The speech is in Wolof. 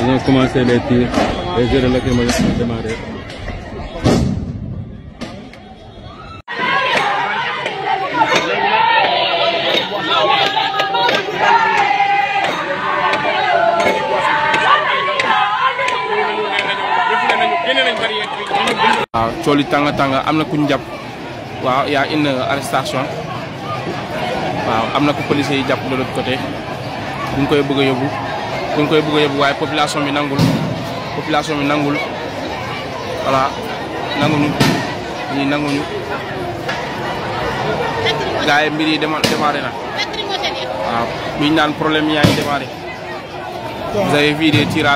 Ils ont commencé les tirs. Les jeux de lacrymogène ont démarré. waaw cooli ya, tàng tàng am na ku ñu jàpp waaw y une arrestation waaw amna na ku policiers yi jàpp de l'autre côté ñu koy bëgg a dañ koy bëgg a yóbbu waaye population bi nangul population bi nangul voilà nanguñu ñi nanguñu gars yi mbir yi démarré na waaw biñ naan problème yaa ngi démarré vous avez vu des tirs